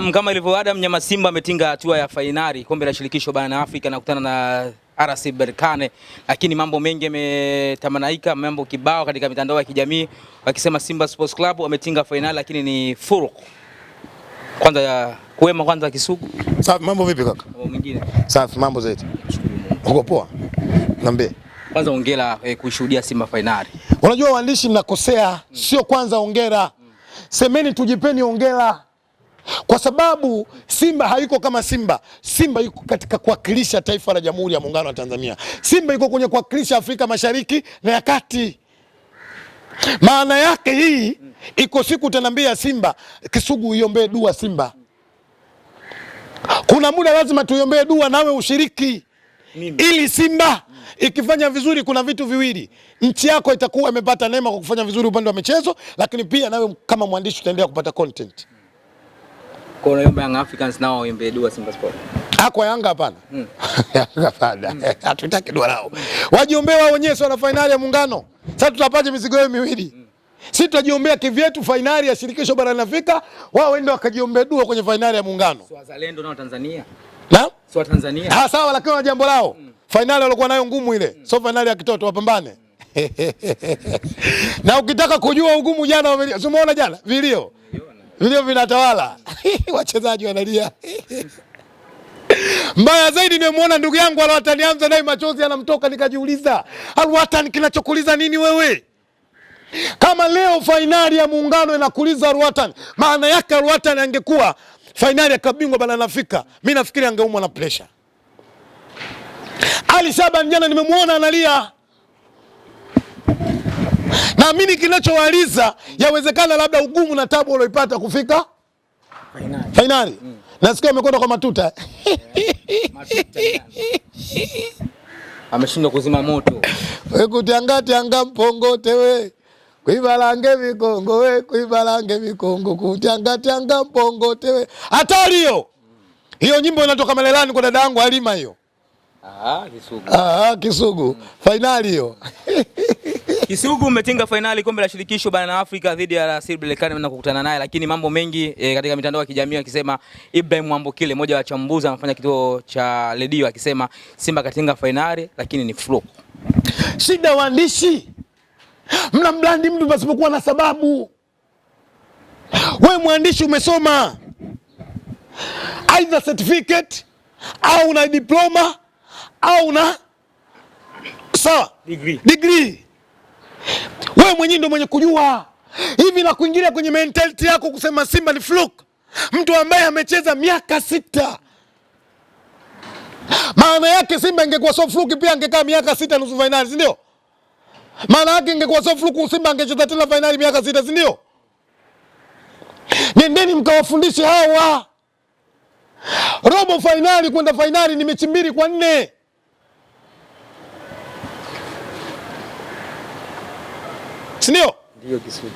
Naam, kama ilivyo ada mnyama Simba ametinga hatua ya fainali kombe la shirikisho barani Afrika na kukutana na RS Berkane, lakini mambo mengi yametamanaika, mambo kibao katika mitandao ya kijamii wakisema Simba Sports Club ametinga fainali, lakini ni furuk. Kwanza ya kuema kwanza ya Kisugu. Safi, mambo vipi kaka? Mambo mengine. Safi, mambo zaidi. Uko poa? Niambie. Kwanza hongera eh, kushuhudia Simba fainali. Unajua waandishi mnakosea, sio kwanza hongera. Mm. Semeni tujipeni hongera kwa sababu Simba hayuko kama Simba. Simba yuko katika kuwakilisha taifa la Jamhuri ya Muungano wa Tanzania. Simba yuko kwenye kuwakilisha Afrika Mashariki na ya Kati. Maana yake hii iko siku tanambia Simba Kisugu, iombee dua Simba. Kuna muda lazima tuiombee dua, nawe ushiriki ili Simba ikifanya vizuri, kuna vitu viwili, nchi yako itakuwa imepata neema kwa kufanya vizuri upande wa michezo, lakini pia nawe kama mwandishi utaendelea kupata content. Kwa hiyo naomba Young Africans nao waimbe dua Simba Sport. Ah, kwa Yanga hapana. Mm. Hapana. Hatutaki dua lao. Wajiombea wao wenyewe sana finali ya muungano. Sasa tutapata mizigo yao miwili. Mm. Sisi tutajiombea kivyetu fainali ya shirikisho barani Afrika, wao waende wakajiombea dua kwenye finali ya muungano. Si wazalendo nao Tanzania. Na? Si wa Tanzania. Ah, sawa lakini wana jambo lao. Mm. Finali Fainali walikuwa nayo ngumu ile. Mm. So fainali ya kitoto wapambane. Mm. na ukitaka kujua ugumu jana, umeona jana? Vilio ndio vinatawala wachezaji wanalia mbaya zaidi nimemwona ndugu yangu Alwatan anza naye machozi anamtoka, nikajiuliza Alwatan, kinachokuliza nini wewe? Kama leo fainali ya muungano inakuliza Alwatan, maana yake Alwatan angekuwa fainali ya kabingwa barani Afrika, mi nafikiri angeumwa na presha. Ali Shaban jana nimemwona analia Naamini kinachowaliza yawezekana labda ugumu na tabu uloipata kufika fainali mm. Nasikia amekwenda kwa matuta ameshindwa kuzima moto wekutianga tianga mpongo tewe kuivalange vikongo we kuivalange vikongo kutianga tianga mpongote we hatari hiyo mm. Hiyo nyimbo inatoka Malelani kwa dada yangu Halima hiyo. Aha, Kisugu, Aha, Kisugu. Mm. Fainali hiyo Kisugu umetinga fainali kombe la shirikisho barani Afrika dhidi ya RS Berkane na kukutana naye, lakini mambo mengi e, katika mitandao ya kijamii akisema Ibrahim Mwambukile, mmoja wa wachambuzi anafanya kituo cha redio akisema Simba katinga fainali lakini ni flop. Shida waandishi, mna mlandi mtu pasipokuwa na sababu. We mwandishi umesoma either certificate au una diploma au una sawa degree, degree. Wewe mwenyewe ndio mwenye kujua hivi na kuingilia kwenye mentality yako kusema Simba ni fluke, mtu ambaye amecheza miaka sita. Maana yake Simba ingekuwa so fluke pia angekaa miaka sita nusu fainali, sindio? Maana yake ingekuwa so fluke Simba angecheza tena fainali miaka sita, sindio? Nendeni mkawafundishe hawa robo fainali kwenda fainali ni mechi mbili kwa nne. si ndio? Ndio Kisugu.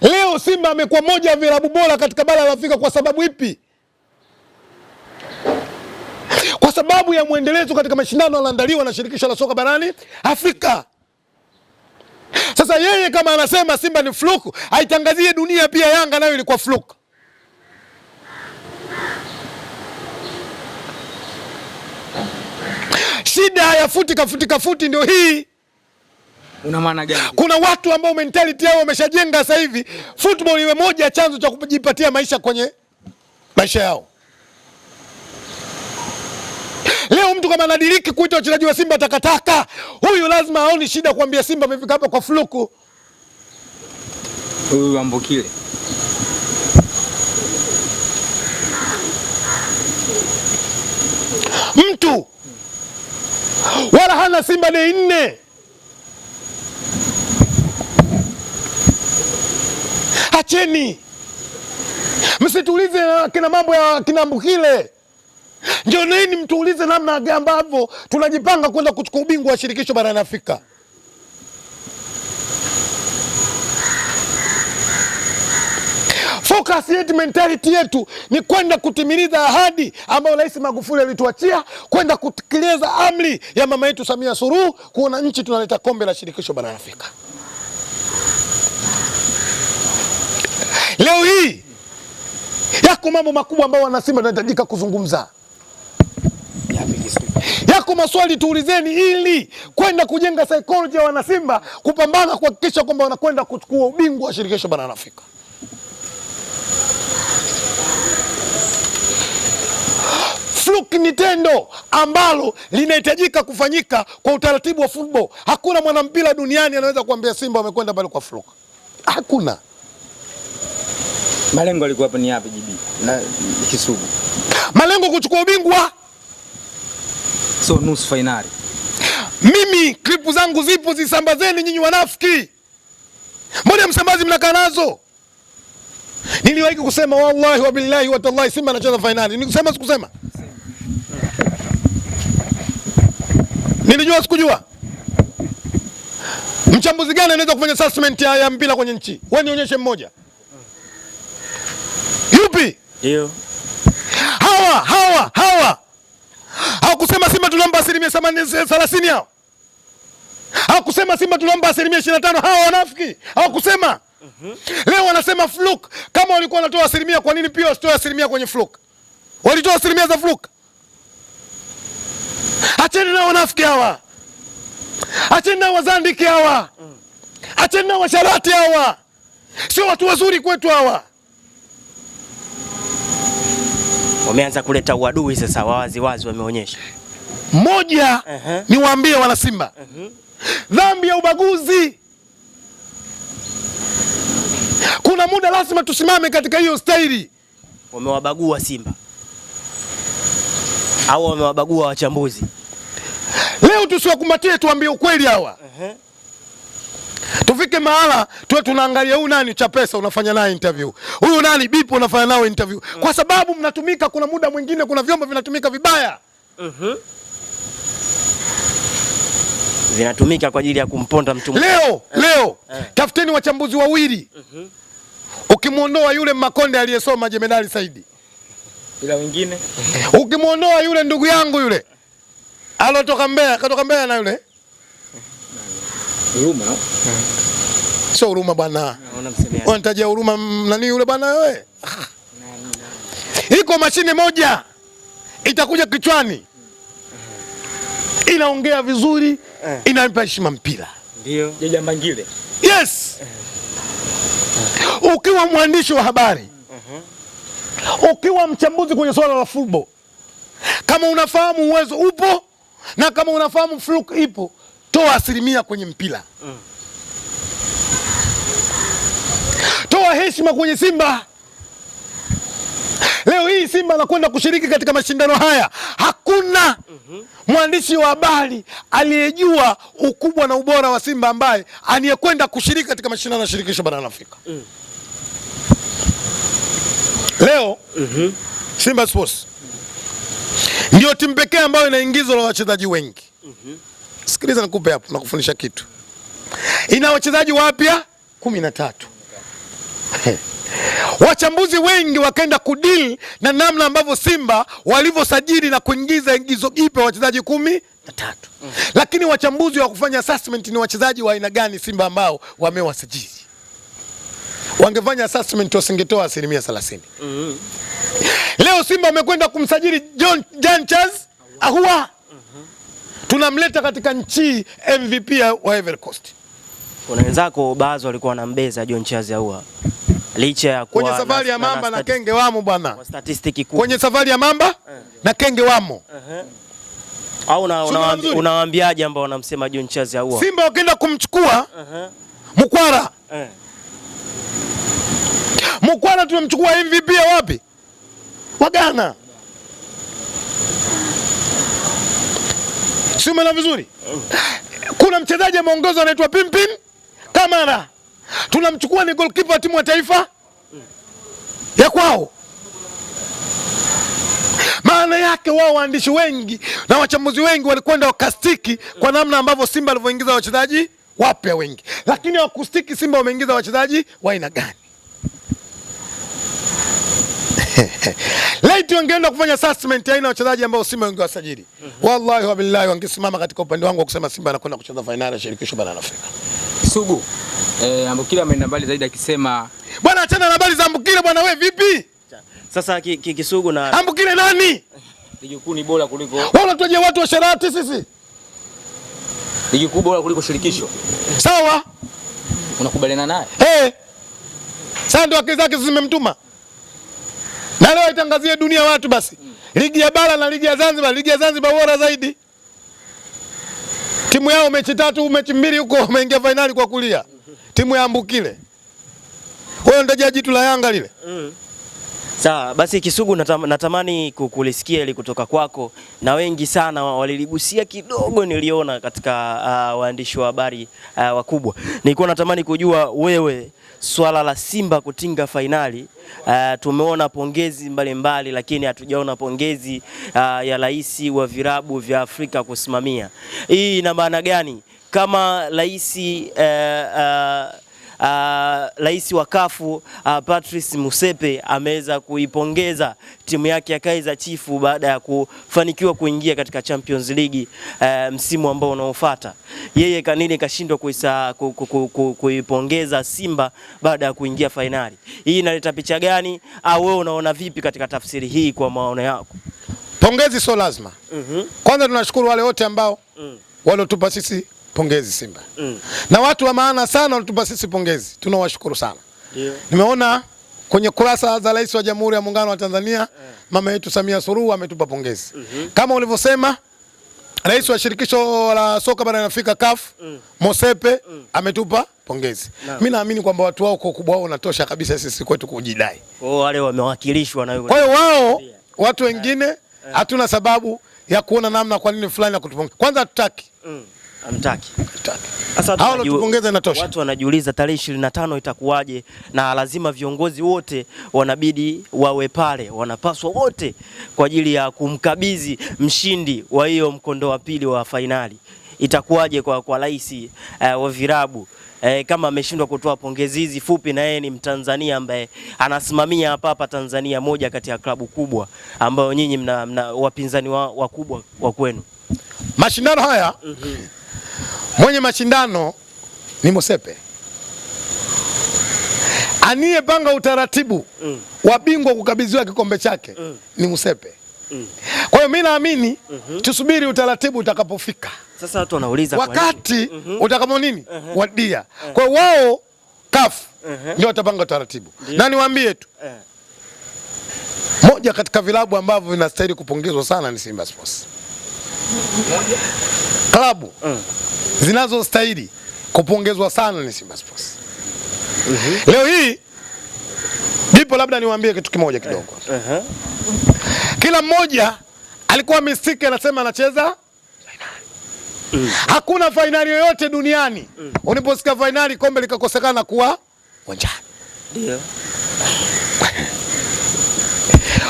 Leo Simba amekuwa moja ya vilabu bora katika bara la Afrika kwa sababu ipi? Kwa sababu ya mwendelezo katika mashindano yanayoandaliwa na shirikisho la soka barani Afrika. Sasa yeye kama anasema Simba ni fluku, aitangazie dunia pia Yanga nayo ilikuwa fluku. Shida ya futi kafuti kafuti ndio hii. Una maana gani? Kuna watu ambao mentality yao wameshajenga sasa hivi football iwe moja ya chanzo cha kujipatia maisha kwenye maisha yao. Leo mtu kama anadiriki kuita wachezaji wa Simba takataka, huyu lazima aoni shida kuambia Simba amefika hapa kwa fluku. Huyu ambokile Mtu wala hana Simba ni nne Acheni, msituulize ah, kina mambo ya kinambukile Mbugile. Njoneni mtuulize namna ambavyo tunajipanga kwenda kuchukua ubingwa wa shirikisho barani Afrika. Focus yetu, mentality yetu ni kwenda kutimiliza ahadi ambayo Rais Magufuli alituachia, kwenda kutekeleza amri ya mama yetu Samia Suluhu, kuona nchi tunaleta kombe la shirikisho barani Afrika. Leo hii yako mambo makubwa ambayo wanasimba tunahitajika kuzungumza, yako maswali tuulizeni, ili kwenda kujenga saikolojia ya wanasimba kupambana kuhakikisha kwamba wanakwenda kuchukua ubingwa wa shirikisho barani Afrika. Fluke ni tendo ambalo linahitajika kufanyika kwa utaratibu wa football. Hakuna mwanampira duniani anaweza kuambia Simba wamekwenda mbali kwa fluke, hakuna. Malengo alikuwa hapa ni yapi GB na Kisugu? Malengo kuchukua ubingwa, so nusu finali. Mimi klipu zangu zipo, zisambazeni nyinyi wanafiki. Mbona msambazi mnakaa nazo? Niliwahi kusema wallahi wa billahi wa tallahi Simba anacheza fainali. Nikusema sikusema? Nilijua sikujua? Mchambuzi gani anaweza kufanya assessment ya mpira kwenye nchi? Wewe nionyeshe mmoja. Yupi? Ndio. Hawa hawa hawa. Hakusema Simba tunaomba asilimia thelathini hao. Hakusema Simba tunaomba asilimia ishirini hawa wanafiki. Hawakusema. Mm -hmm. Leo wanasema fluke. Kama walikuwa wanatoa asilimia, kwa nini pia wasitoe asilimia kwenye fluke? Walitoa asilimia za fluke. Acheni na wanafiki hawa. Acheni na wazandiki hawa. Mm. Acheni na washarati hawa. Sio watu wazuri kwetu hawa. wameanza kuleta uadui sasa wawaziwazi, wameonyesha moja. uh -huh. Niwaambie wana Simba, uh mhm. -huh. dhambi ya ubaguzi, kuna muda lazima tusimame katika hiyo staili. Wamewabagua Simba au wamewabagua wachambuzi? Leo tusiwakumbatie, tuambie ukweli hawa. uh -huh. Ifike mahala tuwe tunaangalia huyu nani Chapesa unafanya naye interview, huyu nani Bipo unafanya nao interview, mm. kwa sababu mnatumika. Kuna muda mwingine kuna vyombo vinatumika vibaya uh mhm. -huh. vinatumika kwa ajili ya kumponda mtu. Leo eh. leo eh. tafuteni wachambuzi wawili uh mhm. -huh. ukimwondoa yule Makonde aliyesoma jemedali Saidi ila wengine ukimwondoa yule ndugu yangu yule alotoka Mbeya katoka Mbeya na yule Ruma. Eh sio huruma bwana. unataja huruma nani yule bwana wewe? Iko mashine moja itakuja kichwani, inaongea vizuri, eh. inampa heshima mpira. Ndio Jaja Mbangile. Yes, eh. ukiwa mwandishi wa habari, uh-huh. ukiwa mchambuzi kwenye swala la football, kama unafahamu uwezo upo na kama unafahamu fluke ipo, toa asilimia kwenye mpira. Mm. kutoa heshima kwenye Simba. Leo hii Simba anakwenda kushiriki katika mashindano haya. Hakuna mwandishi wa habari aliyejua ukubwa na ubora wa Simba ambaye aliyekwenda kushiriki katika mashindano ya shirikisho barani Afrika. Leo Simba Sports ndio timu pekee ambayo inaingizwa na wachezaji wengi. Sikiliza, nakupe hapo, nakufundisha kitu. Ina wachezaji wapya kumi na tatu. Wachambuzi wengi wakaenda kudil na namna ambavyo Simba walivyosajili na kuingiza ingizo jipya wachezaji kumi na tatu mm. Lakini wachambuzi wa kufanya assessment ni wachezaji wa aina gani Simba ambao wamewasajili? Wangefanya assessment wasingetoa asilimia thelathini. mm Leo Simba wamekwenda kumsajili John Jan Ahua, mm-hmm. tunamleta katika nchi MVP wa Ivory Coast. Kuna wenzako baadhi walikuwa wanambeza John Chazi Ahua licha ya kwenye safari ya mamba eh. na kenge wamo bwana, kwenye safari ya mamba na kenge wamo. Au unawaambiaje ambao wanamsema John Chazi au Simba wakienda kumchukua uh-huh. Mkwara? Eh. Mkwara tumemchukua MVP ya wapi? Wagana siumela vizuri. Eh. Kuna mchezaji ameongozwa anaitwa Pimpin Kamara tunamchukua ni goalkeeper wa timu ya taifa ya kwao. Maana yake wao waandishi wengi na wachambuzi wengi walikwenda wakastiki kwa namna ambavyo Simba alivyoingiza wachezaji wapya wengi, lakini wakustiki Simba wameingiza wachezaji wa aina gani. Laiti wangeenda kufanya assessment ya aina wachezaji ambao Simba wangewasajili, wallahi wabillahi, wangesimama katika upande wangu wa kusema Simba anakwenda kucheza fainali ya shirikisho barani Afrika. Sugu. Eh, Ambukile ameenda mbali zaidi akisema bwana, achana na habari za Ambukile bwana, we vipi sasa? ki, ki, Kisugu na Ambukile nani? Lijukuu ni bora kuliko wewe, unatujia watu wa sharati sisi. Lijukuu bora kuliko shirikisho, sawa? Unakubaliana naye hey? Eh. Sasa ndio akili zake zimemtuma na leo itangazie dunia watu basi, ligi ya bara na ligi ya Zanzibar. Ligi ya Zanzibar bora zaidi, timu yao mechi tatu mechi mbili huko, wameingia fainali kwa kulia timu ya Ambukile. Huyo ndio jaji tu la Yanga lile. Mm. Sawa, basi Kisugu natamani kulisikia ili kutoka kwako na wengi sana waliligusia kidogo niliona katika uh, waandishi wa habari uh, wakubwa. Nilikuwa natamani kujua wewe swala la Simba kutinga fainali uh, tumeona pongezi mbalimbali mbali, lakini hatujaona pongezi uh, ya rais wa virabu vya Afrika kusimamia. Hii ina maana gani? kama rais eh, eh, Uh, rais wa kafu uh, Patrice Musepe ameweza kuipongeza timu yake ya Kaizer Chiefs baada ya kufanikiwa kuingia katika Champions League uh, msimu ambao unaofuata. Yeye kanini kashindwa kuipongeza Simba baada ya kuingia fainali. Hii inaleta picha gani au wewe unaona vipi katika tafsiri hii kwa maono yako? Pongezi sio lazima. Mm -hmm. Kwanza tunashukuru wale wote ambao mm. waliotupa sisi pongezi Simba mm. na watu wa maana sana walitupa sisi pongezi, tunawashukuru sana yeah. Nimeona kwenye kurasa za Rais wa Jamhuri ya Muungano wa Tanzania yeah. mama yetu Samia Suluhu ametupa pongezi mm -hmm. kama ulivyosema Rais wa shirikisho la soka barani Afrika CAF mm. Mosepe mm. ametupa pongezi. Mimi naamini kwamba watu wao kwa ukubwa wao unatosha kabisa sisi kwetu kujidai. Oh, wale wamewakilishwa na yule. Kwa hiyo wao watu wengine eh. Eh. hatuna sababu ya kuona namna kwa nini fulani ya kutupongeza. Kwanza hatutaki mm. Hamtaki. Hao na tupongeze Watu wanajiuliza tarehe 25 itakuwaje, na lazima viongozi wote wanabidi wawe pale, wanapaswa wote kwa ajili ya kumkabidhi mshindi wa hiyo mkondo wa pili wa fainali. Itakuwaje kwa, kwa rais uh, wa virabu uh, kama ameshindwa kutoa pongezi hizi fupi, na yeye ni Mtanzania ambaye anasimamia hapa hapa Tanzania, moja kati ya klabu kubwa ambayo nyinyi mna, mna wapinzani wakubwa wa, wa kwenu mashindano haya mm -hmm. Mwenye mashindano ni Mosepe aniyepanga utaratibu mm. wa bingwa kukabidhiwa kikombe chake mm. ni Musepe mm. kwa hiyo mimi naamini mm -hmm. tusubiri utaratibu utakapofika. Sasa watu wanauliza wakati mm -hmm. utakapo nini uh mhm. -huh. wadia uh eh. -huh. kwa hiyo wao kafu uh mhm. -huh. ndio watapanga utaratibu na niwaambie tu uh eh. -huh. moja katika vilabu ambavyo vinastahili kupongezwa sana ni Simba Sports klabu uh mm. -huh zinazostahili kupongezwa sana ni Simba Sports. mm -hmm. Leo hii ndipo labda niwaambie kitu kimoja kidogo. uh eh, -huh. Eh. Kila mmoja alikuwa mistiki anasema anacheza Mm. Hakuna fainali yoyote duniani mm. Unaposikia fainali kombe likakosekana kuwa uwanjani, ndio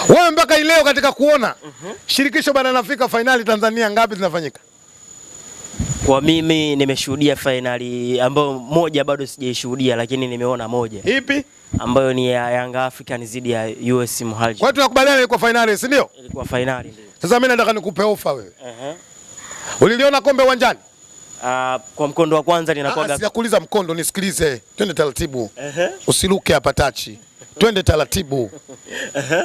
wewe mpaka ileo katika kuona mm -hmm. Shirikisho bana nafika fainali Tanzania ngapi zinafanyika? Kwa mimi nimeshuhudia fainali ambayo moja bado sijaishuhudia, lakini nimeona moja. Ipi? Ambayo ni ya Young African zidi ya US Muhali. Watu wakubaliana ilikuwa fainali, si ndio? Ilikuwa fainali ndio. Sasa mimi nataka nikupe ofa wewe. Uh -huh. Uliliona kombe uwanjani? Uh, kwa mkondo wa kwanza ninakuaga. Ah, sijakuuliza mkondo, nisikilize. Twende taratibu. Uh -huh. Usiruke hapa tachi. Twende taratibu. Uh -huh.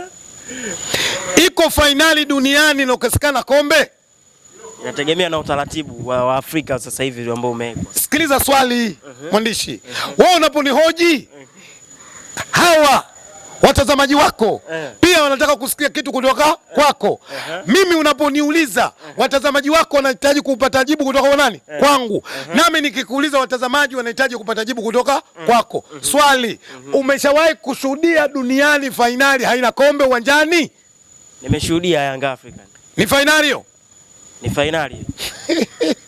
Iko fainali duniani na ukasikana kombe? Inategemea na utaratibu wa, Afrika sasa hivi ambao umewekwa. Sikiliza swali uh -huh. mwandishi uh -huh. wao unaponihoji uh -huh. hawa watazamaji wako uh -huh. pia wanataka kusikia kitu kutoka uh -huh. kwako uh -huh. mimi unaponiuliza uh -huh. watazamaji wako wanahitaji kupata jibu kutoka kwa nani? uh -huh. kwangu uh -huh. nami nikikuuliza watazamaji wanahitaji kupata jibu kutoka uh -huh. kwako uh -huh. swali uh -huh. umeshawahi kushuhudia duniani fainali haina kombe uwanjani? Nimeshuhudia Yanga African. Ni fainali hiyo? ni fainali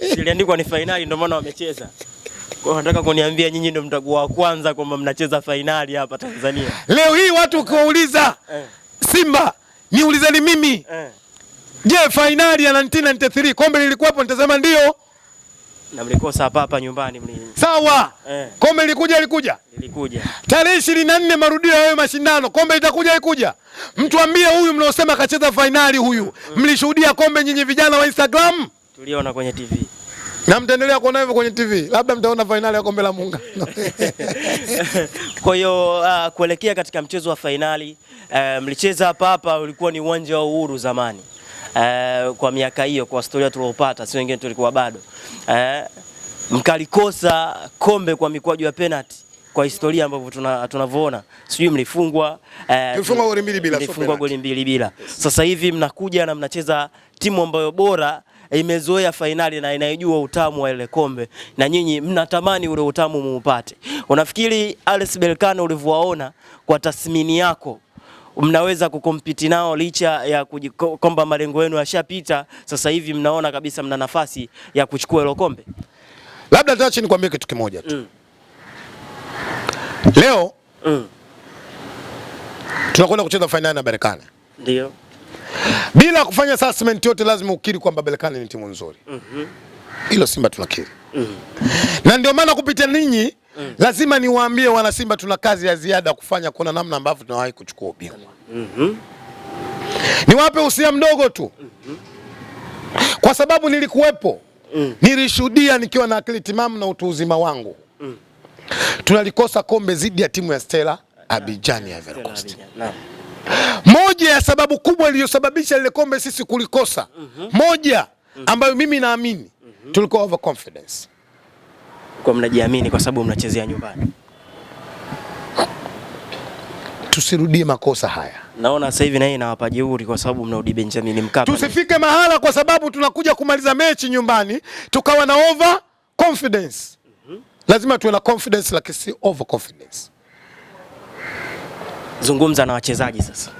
siliandikwa, ni fainali, ndio maana wamecheza. Kwa hiyo nataka kuniambia nyinyi ndio mtakuwa wa kwanza kwamba mnacheza fainali hapa Tanzania leo hii. Watu ukiwauliza eh, Simba niulizeni mimi eh, je, fainali ya 1993 kombe hapo? Nitasema ndio na mlikosa hapa hapa nyumbani mli. Sawa eh. Kombe lilikuja lilikuja lilikuja tarehe ishirini na nne marudio ya hayo mashindano, kombe itakuja ikuja. Mtuambie huyu mnaosema kacheza fainali huyu, mm. mlishuhudia kombe nyinyi vijana wa Instagram? Tuliona kwenye TV na mtaendelea kuona hivyo kwenye TV, labda mtaona fainali ya kombe la Munga. Kwa hiyo uh, kuelekea katika mchezo wa fainali uh, eh, mlicheza hapa hapa, ulikuwa ni uwanja wa Uhuru zamani eh, kwa miaka hiyo, kwa historia tuliopata, si wengine tulikuwa bado eh, mkalikosa kombe kwa mikwaju ya penalty kwa historia ambavyo tunavyoona, sijui mlifungwa eh, mlifungwa goli mbili bila. Sasa hivi mnakuja na mnacheza timu ambayo bora eh, imezoea fainali na inaijua utamu wa ile kombe, na nyinyi mnatamani ule utamu muupate. Unafikiri Ales Belkano ulivyowaona, kwa tathmini yako mnaweza kukompiti nao licha ya kwamba malengo yenu yashapita. Sasa hivi mnaona kabisa mna nafasi ya kuchukua hilo kombe. Labda tachi nikwambie kitu kimoja tu mm. Leo mm. tunakwenda kucheza fainali na Berkane, ndio bila kufanya assessment yote, lazima ukiri kwamba Berkane ni timu nzuri mm hilo Simba tunakiri mm -hmm. na ndio maana kupitia ninyi mm. lazima niwaambie wana Simba tuna kazi ya ziada kufanya, kuna namna ambavyo tunawahi kuchukua ubingwa mm -hmm. niwape usia mdogo tu mm -hmm. kwa sababu nilikuwepo mm. nilishuhudia nikiwa na akili timamu na utu uzima wangu mm. tunalikosa kombe dhidi ya timu ya Stella Abijani ya Ivory Coast. Moja ya sababu kubwa iliyosababisha lile kombe sisi kulikosa, mhm. mm -hmm. moja ambayo mimi naamini mm -hmm. tulikuwa overconfidence kwa mnajiamini kwa sababu mnachezea nyumbani? Tusirudie makosa haya. Naona sasa hivi na yeye jeuri kwa sababu mnaudi Benjamin Mkapa. Tusifike mahala kwa sababu tunakuja kumaliza mechi nyumbani tukawa na over confidence. Mm -hmm. Lazima tuwe na confidence lakini si over confidence. Zungumza na wachezaji sasa.